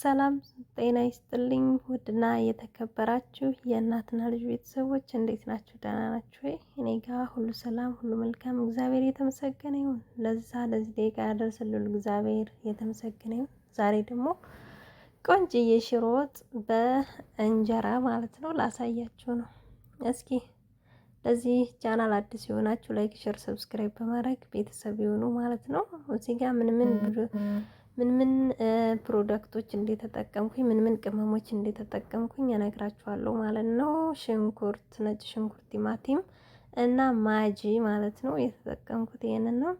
ሰላም ጤና ይስጥልኝ። ውድና የተከበራችሁ የእናትና ልጅ ቤተሰቦች እንዴት ናችሁ? ደህና ናችሁ ወይ? እኔ ጋር ሁሉ ሰላም፣ ሁሉ መልካም። እግዚአብሔር የተመሰገነ ይሁን። ለዛ ለዚህ ደቂቃ ያደረሰልን እግዚአብሔር የተመሰገነ ይሁን። ዛሬ ደግሞ ቆንጅዬ ሽሮ ወጥ በእንጀራ ማለት ነው ላሳያችሁ ነው። እስኪ ለዚህ ቻናል አዲስ የሆናችሁ ላይክ፣ ሼር፣ ሰብስክራይብ በማድረግ ቤተሰብ የሆኑ ማለት ነው እዚህ ጋር ምን ምን ምን ምን ፕሮዳክቶች እንደተጠቀምኩኝ ምን ምን ቅመሞች እንደተጠቀምኩኝ እነግራችኋለሁ ማለት ነው። ሽንኩርት፣ ነጭ ሽንኩርት፣ ቲማቲም እና ማጂ ማለት ነው የተጠቀምኩት ይሄንን ነው።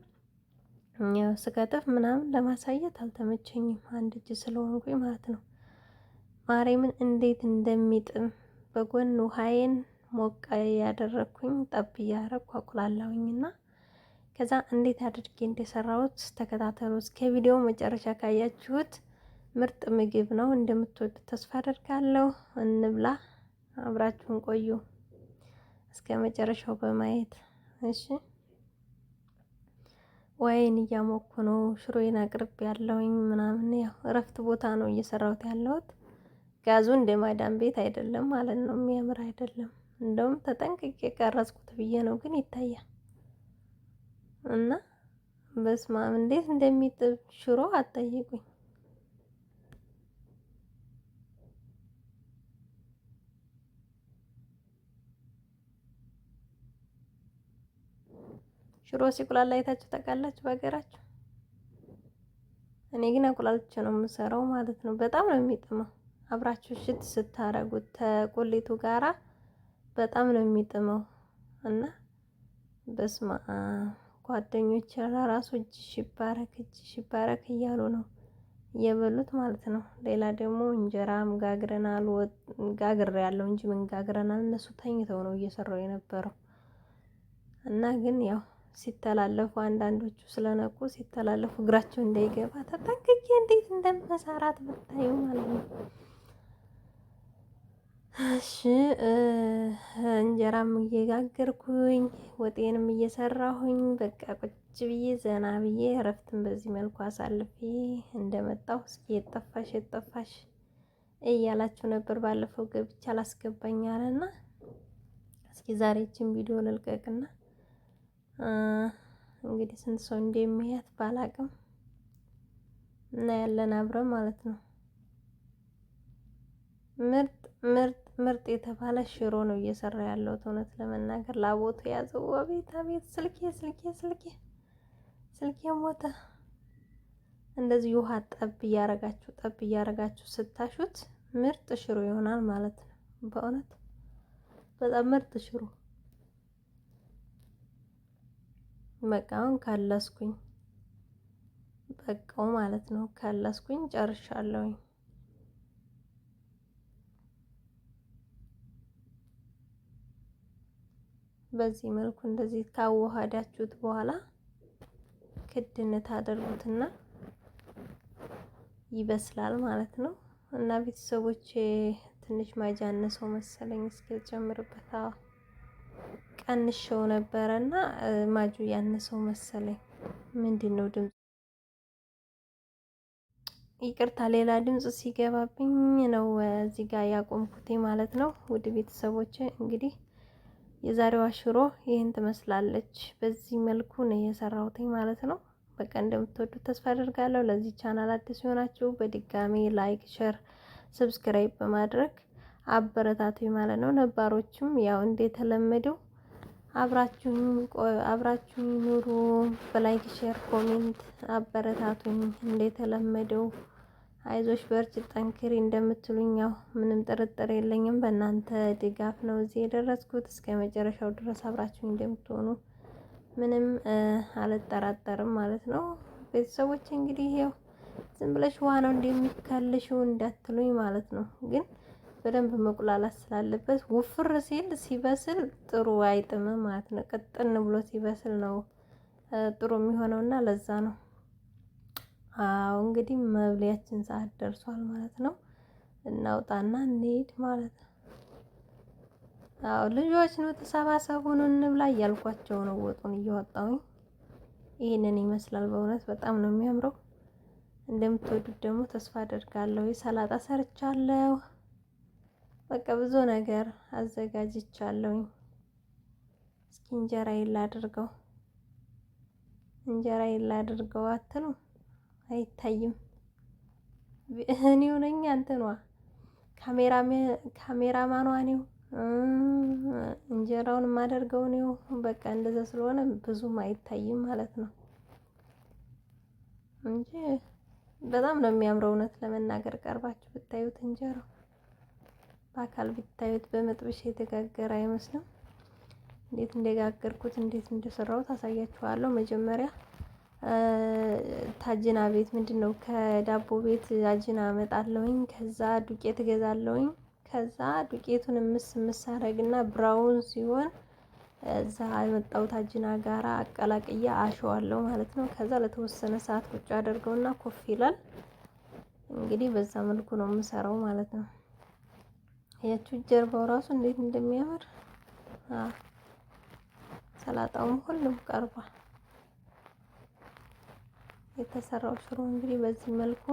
ያው ስከተፍ ምናምን ለማሳየት አልተመቸኝም አንድ እጅ ስለሆንኩኝ ማለት ነው። ማሬምን እንዴት እንደሚጥም በጎን ውሃዬን ሞቃ ያደረኩኝ ጠብ እያረኩ አቁላለሁኝና ከዛ እንዴት አድርጌ እንደሰራሁት ተከታተሉ። እስከ ቪዲዮ መጨረሻ ካያችሁት ምርጥ ምግብ ነው፣ እንደምትወዱት ተስፋ አደርጋለሁ። እንብላ፣ አብራችሁን ቆዩ እስከ መጨረሻው በማየት እሺ። ወይን እያሞኩ ነው፣ ሽሮዬን አቅርብ ያለውኝ ምናምን። ያው እረፍት ቦታ ነው እየሰራሁት ያለሁት። ጋዙ እንደ ማዳም ቤት አይደለም ማለት ነው፣ የሚያምር አይደለም። እንደውም ተጠንቅቄ ቀረጽኩት ብዬ ነው፣ ግን ይታያል እና በስማም እንዴት እንደሚጥብ ሽሮ አጠይቁኝ። ሽሮ ሲቁላላ አይታችሁ ታውቃላችሁ በሀገራችሁ? እኔ ግን አቁላልቼ ነው የምሰራው ማለት ነው። በጣም ነው የሚጥመው። አብራችሁ ሽት ስታረጉት ተቆሌቱ ጋራ በጣም ነው የሚጥመው እና በስማ ጓደኞች ራሱ እጅሽ ይባረክ እጅሽ ይባረክ እያሉ ነው እየበሉት ማለት ነው። ሌላ ደግሞ እንጀራም ጋግረናል፣ ወጥ ያለው እንጂ ምን ጋግረናል። እነሱ ተኝተው ነው እየሰራው የነበረው እና ግን ያው ሲተላለፉ አንዳንዶቹ ስለነቁ ሲተላለፉ እግራቸው እንዳይገባ ተጠንቅቄ እንዴት እንደምሰራት ብታዩ ማለት ነው። እሺ እንጀራም እየጋገርኩኝ ወጤንም እየሰራሁኝ በቃ ቁጭ ብዬ ዘና ብዬ እረፍትን በዚህ መልኩ አሳልፌ እንደመጣሁ እስኪ የጠፋሽ የጠፋሽ እያላችሁ ነበር። ባለፈው ገብቼ አላስገባኝ አለና እስኪ ዛሬችን ቪዲዮ ልልቀቅና እንግዲህ ስንት ሰው እንደሚያት ባላቅም እና ያለን አብረን ማለት ነው። ምርጥ ምርጥ ምርጥ የተባለ ሽሮ ነው እየሰራ ያለሁት። እውነት ለመናገር ላቦቱ ያዘው። አቤት አቤት! ስልኬ ስልኬ ስልኬ ስልኬ ሞተ። እንደዚህ ውሃ ጠብ እያረጋችሁ ጠብ እያረጋችሁ ስታሹት ምርጥ ሽሮ ይሆናል ማለት ነው። በእውነት በጣም ምርጥ ሽሮ። በቃ አሁን ካለስኩኝ በቃው ማለት ነው። ካለስኩኝ ጨርሻለሁኝ። በዚህ መልኩ እንደዚህ ካዋሃዳችሁት በኋላ ክድነት አደርጉትና ይበስላል ማለት ነው። እና ቤተሰቦች ትንሽ አነሰው መሰለኝ እስኪ አዎ ቀንሸው ነበረ እና ማጁ ያነሰው መሰለኝ። ምንድን ነው ድምፅ? ይቅርታ ሌላ ድምፅ ሲገባብኝ ነው እዚህ ጋር ያቆምኩት ማለት ነው። ውድ ቤተሰቦች እንግዲህ የዛሬዋ ሽሮ ይህን ትመስላለች። በዚህ መልኩ ነው የሰራሁት ማለት ነው። በቃ እንደምትወዱት ተስፋ አደርጋለሁ። ለዚህ ቻናል አዲስ የሆናችሁ በድጋሚ ላይክ፣ ሸር፣ ሰብስክራይብ በማድረግ አበረታቱኝ ማለት ነው። ነባሮችም ያው እንደተለመደው አብራችሁኝ አብራችሁኝ ኑሩ። በላይክ ሼር ኮሜንት አበረታቱኝ እንደተለመደው አይዞሽ በርቺ ጠንክሪ እንደምትሉኝ ያው ምንም ጥርጥር የለኝም። በእናንተ ድጋፍ ነው እዚህ የደረስኩት። እስከ መጨረሻው ድረስ አብራችሁ እንደምትሆኑ ምንም አልጠራጠርም ማለት ነው። ቤተሰቦች እንግዲህ ያው ዝም ብለሽ ውሃ ነው እንደሚካልሽው እንዳትሉኝ ማለት ነው። ግን በደንብ መቁላላት ስላለበት ውፍር ሲል ሲበስል ጥሩ አይጥምም ማለት ነው። ቅጥን ብሎ ሲበስል ነው ጥሩ እና ለዛ ነው አዎ እንግዲህ መብሊያችን ሰዓት ደርሷል ማለት ነው። እናውጣና እንሄድ ማለት ነው። አዎ ልጆች ነው ተሰባሰቡ ኑ እንብላ እያልኳቸው ነው ወጡን እያወጣሁኝ። ይህንን ይመስላል በእውነት በጣም ነው የሚያምረው። እንደምትወዱት ደግሞ ተስፋ አደርጋለሁ። ሰላጣ ሰርቻለሁ። በቃ ብዙ ነገር አዘጋጅቻለሁኝ። እስኪ እንጀራዬን ላድርገው እንጀራዬን ላድርገው አትሉም? አይታይም። እኔው ነኝ አንተኗ ካሜራማኗ ነው እንጀራውን የማደርገው ነው። በቃ እንደዛ ስለሆነ ብዙም አይታይም ማለት ነው እንጂ በጣም ነው የሚያምረው። እውነት ለመናገር ቀርባችሁ ብታዩት እንጀራው በአካል ብታዩት በመጥበሻ የተጋገረ አይመስልም። እንዴት እንደጋገርኩት እንዴት እንደሰራሁት አሳያችኋለሁ መጀመሪያ ታጅና ቤት ምንድን ነው ከዳቦ ቤት አጅና አመጣለሁኝ። ከዛ ዱቄት እገዛለውኝ፣ ከዛ ዱቄቱን ምስ ምሳረግና ብራውን ሲሆን እዛ የመጣው ታጅና ጋራ አቀላቅያ አሸዋለው ማለት ነው። ከዛ ለተወሰነ ሰዓት ቁጭ አደርገውና ኮፍ ይላል። እንግዲህ በዛ መልኩ ነው የምሰራው ማለት ነው። ያችሁ ጀርባው ራሱ እንዴት እንደሚያምር ሰላጣውም ሁሉም ቀርቧል። የተሰራው ሽሮ እንግዲህ በዚህ መልኩ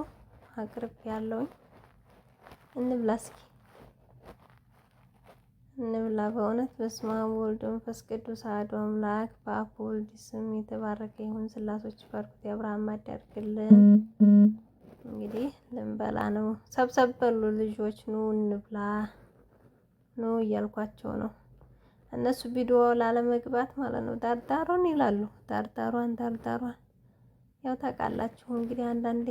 አቅርብ ያለውኝ እንብላ እስኪ እንብላ። በእውነት በስመ አብ ወልድ መንፈስ ቅዱስ አሐዱ አምላክ በአብ ወልድ ስም የተባረከ ይሁን። ስላሶች ባርኩት የአብርሃም አዳርግልን። እንግዲህ ልንበላ ነው። ሰብሰብ በሉ ልጆች፣ ኑ እንብላ፣ ኑ እያልኳቸው ነው። እነሱ ቪዲዮ ላለመግባት ማለት ነው። ዳርዳሯን ይላሉ። ዳርዳሯን ዳርዳሯን ያው ታውቃላችሁ እንግዲህ አንዳንዴ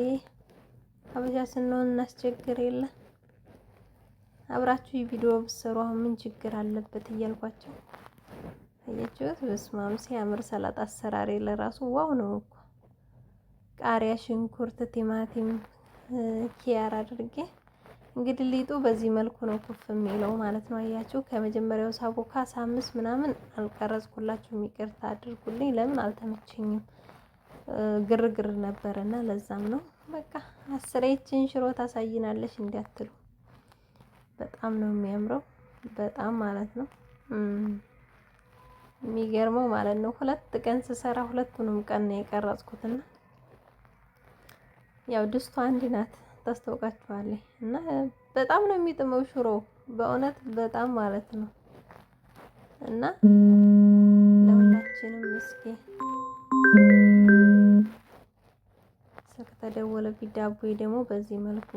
ሀበሻ ስንሆን እናስቸግር የለ አብራችሁ የቪዲዮ ብትሰሩ አሁን ምን ችግር አለበት እያልኳቸው አያችሁት። በስመ አብ ሲያምር ሰላጣ አሰራሪ ለራሱ ዋው ነው እኮ ቃሪያ፣ ሽንኩርት፣ ቲማቲም፣ ኪያር አድርጌ እንግዲህ ሊጡ በዚህ መልኩ ነው ኩፍ የሚለው ማለት ነው። አያችሁ ከመጀመሪያው ሳቦካ ሳምስ ምናምን አልቀረጽኩላችሁም ይቅርታ አድርጉልኝ። ለምን አልተመቸኝም። ግርግር ነበረ እና ለዛም ነው በቃ አስሬችን ሽሮ ታሳይናለች እንዲያትሉ። በጣም ነው የሚያምረው፣ በጣም ማለት ነው የሚገርመው ማለት ነው። ሁለት ቀን ስሰራ ሁለቱንም ቀን ነው የቀረጽኩትና ያው ድስቷ አንድ ናት ታስታውቃችኋለ እና በጣም ነው የሚጥመው ሽሮ በእውነት በጣም ማለት ነው። እና ለሁላችንም እስኪ ስልክ ተደወለብኝ። ዳቦዬ ደግሞ በዚህ መልኩ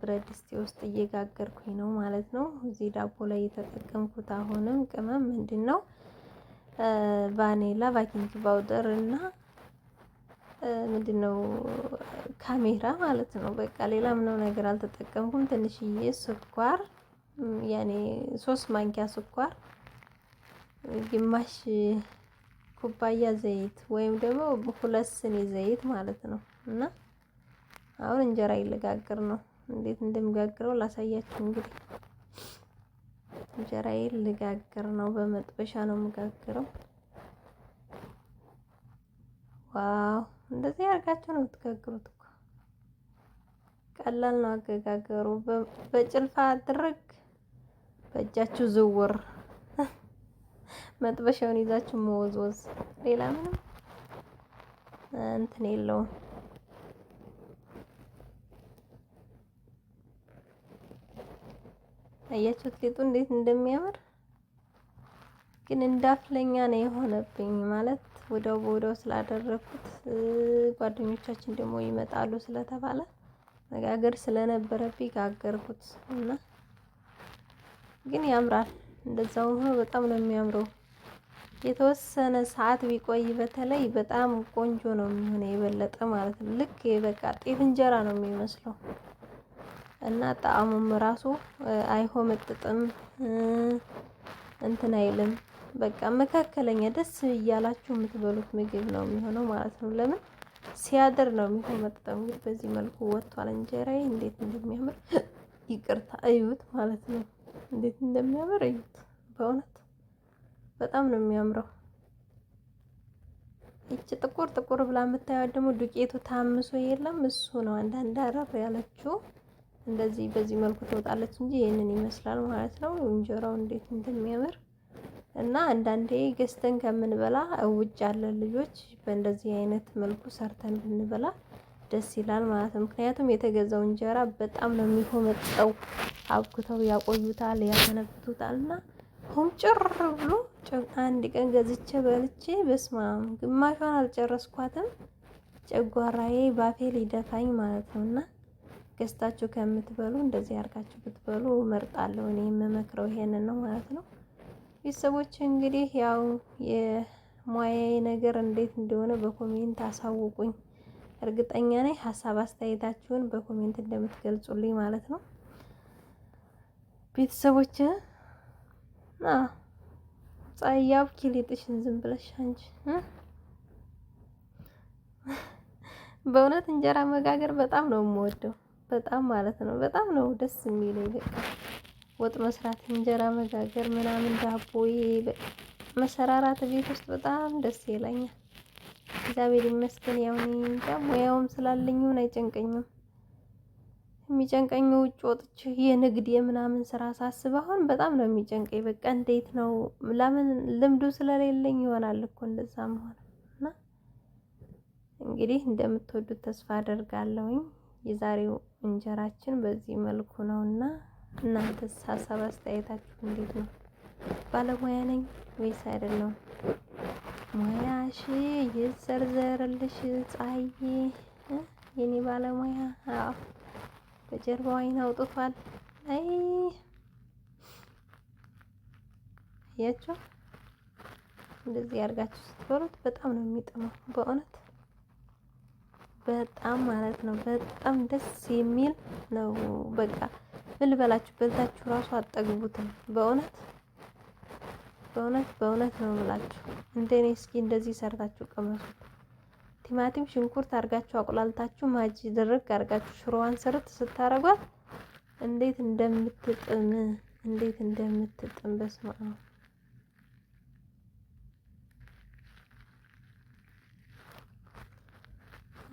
ብረት ድስቴ ውስጥ እየጋገርኩኝ ነው ማለት ነው። እዚህ ዳቦ ላይ የተጠቀምኩት አሁንም ቅመም ምንድን ነው ቫኔላ፣ ባኪንግ ፓውደር እና ምንድን ነው ካሜራ ማለት ነው። በቃ ሌላ ምንም ነገር አልተጠቀምኩም። ትንሽዬ ስኳር ያኔ ሶስት ማንኪያ ስኳር፣ ግማሽ ኩባያ ዘይት ወይም ደግሞ ሁለት ስኒ ዘይት ማለት ነው። እና አሁን እንጀራ ይለጋግር ነው። እንዴት እንደምጋግረው ላሳያችሁ። እንግዲህ እንጀራ ይለጋግር ነው። በመጥበሻ ነው የምጋግረው። ዋው! እንደዚህ አድርጋችሁ ነው የምትጋግሩት እኮ። ቀላል ነው አገጋገሩ። በጭልፋ አድርግ በእጃችሁ ዝውር፣ መጥበሻውን ይዛችሁ መወዝወዝ፣ ሌላ ምንም እንትን የለውም። አያችሁት ሊጡ እንዴት እንደሚያምር ግን እንዳፍለኛ ነው የሆነብኝ። ማለት ወዲያው በወዲያው ስላደረኩት ጓደኞቻችን ደግሞ ይመጣሉ ስለተባለ መጋገር ስለነበረብኝ ጋገርኩት እና ግን ያምራል። እንደዛውም ሆኖ በጣም ነው የሚያምረው። የተወሰነ ሰዓት ቢቆይ በተለይ በጣም ቆንጆ ነው የሚሆነው፣ የበለጠ ማለት ነው። ልክ በቃ ጤፍ እንጀራ ነው የሚመስለው። እና ጣዕሙም ራሱ አይሆመጥጥም እንትን አይልም። በቃ መካከለኛ ደስ እያላችሁ የምትበሉት ምግብ ነው የሚሆነው ማለት ነው። ለምን ሲያድር ነው የሚሆመጥጠው። እንግዲህ በዚህ መልኩ ወጥቷል እንጀራዬ። እንዴት እንደሚያምር ይቅርታ እዩት ማለት ነው። እንዴት እንደሚያምር እዩት። በእውነት በጣም ነው የሚያምረው። ይቺ ጥቁር ጥቁር ብላ የምታየው ደግሞ ዱቄቱ ታምሶ የለም እሱ ነው አንዳንድ አረፍ ያለችው እንደዚህ በዚህ መልኩ ትወጣለች እንጂ ይህንን ይመስላል ማለት ነው። እንጀራው እንዴት እንደሚያምር እና አንዳንዴ ገዝተን ከምንበላ ውጭ ያለን ልጆች በእንደዚህ አይነት መልኩ ሰርተን ብንበላ ደስ ይላል ማለት ነው። ምክንያቱም የተገዛው እንጀራ በጣም ነው የሚሆመጠው። አብኩተው ያቆዩታል፣ ያፈነፍቱታል እና ሆም ጭር ብሎ አንድ ቀን ገዝቼ በልቼ በስማም ግማሿን አልጨረስኳትም፣ ጨጓራዬ ባፌ ሊደፋኝ ማለት ነውና ገዝታችሁ ከምትበሉ እንደዚህ አድርጋችሁ ብትበሉ እመርጣለሁ። እኔ የምመክረው ይሄንን ነው ማለት ነው። ቤተሰቦች እንግዲህ ያው የሙያዬ ነገር እንዴት እንደሆነ በኮሜንት አሳውቁኝ። እርግጠኛ ነኝ ሀሳብ አስተያየታችሁን በኮሜንት እንደምትገልጹልኝ ማለት ነው። ቤተሰቦች ጸያፍ ኪሊጥሽን ዝም ብለሽ አንቺ በእውነት እንጀራ መጋገር በጣም ነው የምወደው። በጣም ማለት ነው። በጣም ነው ደስ የሚለኝ በቃ ወጥ መስራት፣ እንጀራ መጋገር ምናምን፣ ዳቦ መሰራራት ቤት ውስጥ በጣም ደስ ይለኛል። እግዚአብሔር ይመስገን። ያው እኔ እንጃ ሙያውም ስላለኝ ይሁን አይጨንቀኝም። የሚጨንቀኝ ውጭ ወጥቼ የንግድ የምናምን ስራ ሳስብ አሁን በጣም ነው የሚጨንቀኝ። በቃ እንዴት ነው ለምን ልምዱ ስለሌለኝ ይሆናል እኮ እንደዛ መሆን እና እንግዲህ እንደምትወዱት ተስፋ አደርጋለሁኝ። የዛሬው እንጀራችን በዚህ መልኩ ነው እና እናንተስ ሀሳብ አስተያየታችሁ እንዴት ነው? ባለሙያ ነኝ ወይስ አይደለም? ሙያሽ ይዘርዘርልሽ ፀሐዬ፣ የኔ ባለሙያ። አዎ በጀርባው አይን አውጥቷል። አይ ያቸው እንደዚህ ያርጋችሁ ስትበሉት በጣም ነው የሚጥመው በእውነት። በጣም ማለት ነው። በጣም ደስ የሚል ነው። በቃ ምን ልበላችሁ፣ በልታችሁ ራሱ አጠግቡትም። በእውነት በእውነት በእውነት ነው ብላችሁ እንደኔ እስኪ እንደዚህ ሰርታችሁ ቅመሱት። ቲማቲም ሽንኩርት አርጋችሁ አቁላልታችሁ ማጅ ድርግ አርጋችሁ ሽሮዋን ስርት ስታረጓት እንዴት እንደምትጥም እንዴት እንደምትጥም በስማ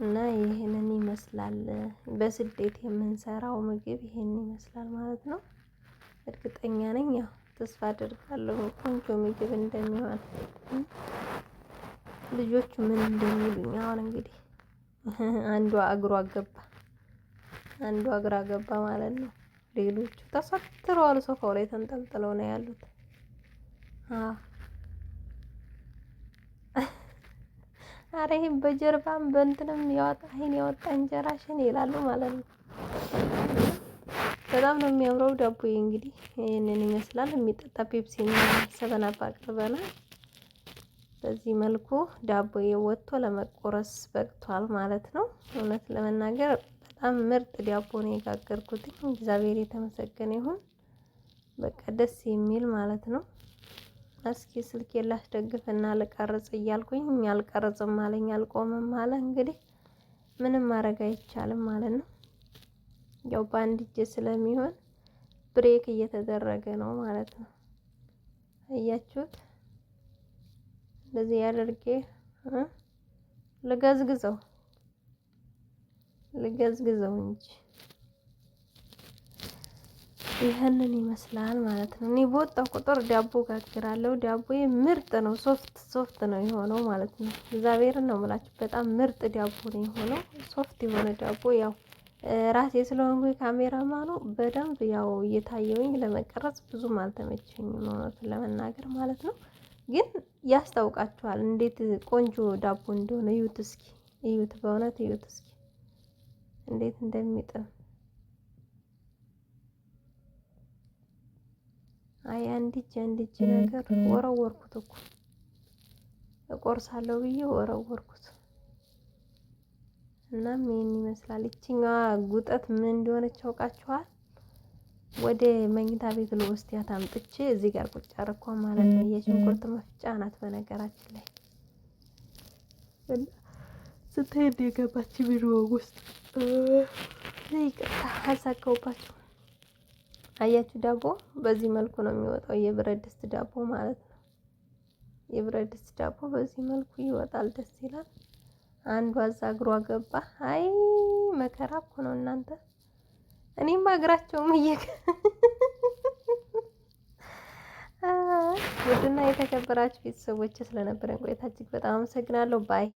እና ይህንን ይመስላል በስደት የምንሰራው ምግብ ይህን ይመስላል ማለት ነው። እርግጠኛ ነኝ ያው ተስፋ አድርጋለሁ ቆንጆ ምግብ እንደሚሆን ልጆቹ ምን እንደሚሉኝ። አሁን እንግዲህ አንዷ እግሯ ገባ፣ አንዷ እግሯ ገባ ማለት ነው። ሌሎቹ ተሰትረዋል፣ ሶፋው ላይ ተንጠልጥለው ነው ያሉት። አረ ይህም በጀርባም በእንትንም ያወጣ ይሄን ያወጣ እንጀራሽን ይላሉ ማለት ነው። በጣም ነው የሚያምረው ዳቦ እንግዲህ ይህንን ይመስላል። የሚጠጣ ፔፕሲ ሰበናባ አቅርበናል። በዚህ መልኩ ዳቦ ወጥቶ ለመቆረስ በቅቷል ማለት ነው። እውነት ለመናገር በጣም ምርጥ ዳቦ ነው የጋገርኩትኝ። እግዚአብሔር የተመሰገነ ይሁን። በቃ ደስ የሚል ማለት ነው። እስኪ ስልክ ላስደግፍና ልቀርጽ እያልኩኝ አልቀርጽም አለኝ፣ አልቆምም አለ። እንግዲህ ምንም ማድረግ አይቻልም ማለት ነው። ያው በአንድ እጅ ስለሚሆን ብሬክ እየተደረገ ነው ማለት ነው። እያችሁት እንደዚህ ያደርጌ ልገዝግዘው ልገዝግዘው እንጂ ይህንን ይመስላል ማለት ነው። እኔ በወጣው ቁጥር ዳቦ ጋግራለሁ። ዳቦ ምርጥ ነው፣ ሶፍት ሶፍት ነው የሆነው ማለት ነው። እግዚአብሔርን ነው የምላችሁ፣ በጣም ምርጥ ዳቦ ነው የሆነው፣ ሶፍት የሆነ ዳቦ። ያው ራሴ ስለሆንኩ ካሜራማኑ በደንብ ያው እየታየውኝ ለመቀረጽ ብዙም አልተመቸኝም እውነቱን ለመናገር ማለት ነው። ግን ያስታውቃችኋል እንዴት ቆንጆ ዳቦ እንደሆነ እዩት እስኪ፣ እዩት፣ በእውነት እዩት እስኪ እንዴት እንደሚጥም አይ አንድ እጅ አንድ እጅ ነገር ወረወርኩት እኮ እቆርሳለሁ ብዬ ወረወርኩት። እናም ይህን ይመስላል። ይችኛዋ ጉጠት ምን እንደሆነች ያውቃችኋል። ወደ መኝታ ቤት ልወስዳት አምጥቼ እዚህ ጋር ቁጭ አደረኳ ማለት ነው። የሽንኩርት መፍጫ ናት በነገራችን ላይ ስታይ የገባች ቢሮ ውስጥ ይቅርታ አልሳቀውባችሁ። አያችሁ ዳቦ በዚህ መልኩ ነው የሚወጣው፣ የብረት ድስት ዳቦ ማለት ነው። የብረት ድስት ዳቦ በዚህ መልኩ ይወጣል። ደስ ይላል። አንዷ እዛ እግሯ ገባ። አይ መከራ እኮ ነው እናንተ። እኔም እግራቸውም እየገ ውድና የተከበራችሁ ቤተሰቦች ስለነበረን ቆይታ እጅግ በጣም አመሰግናለሁ። ባይ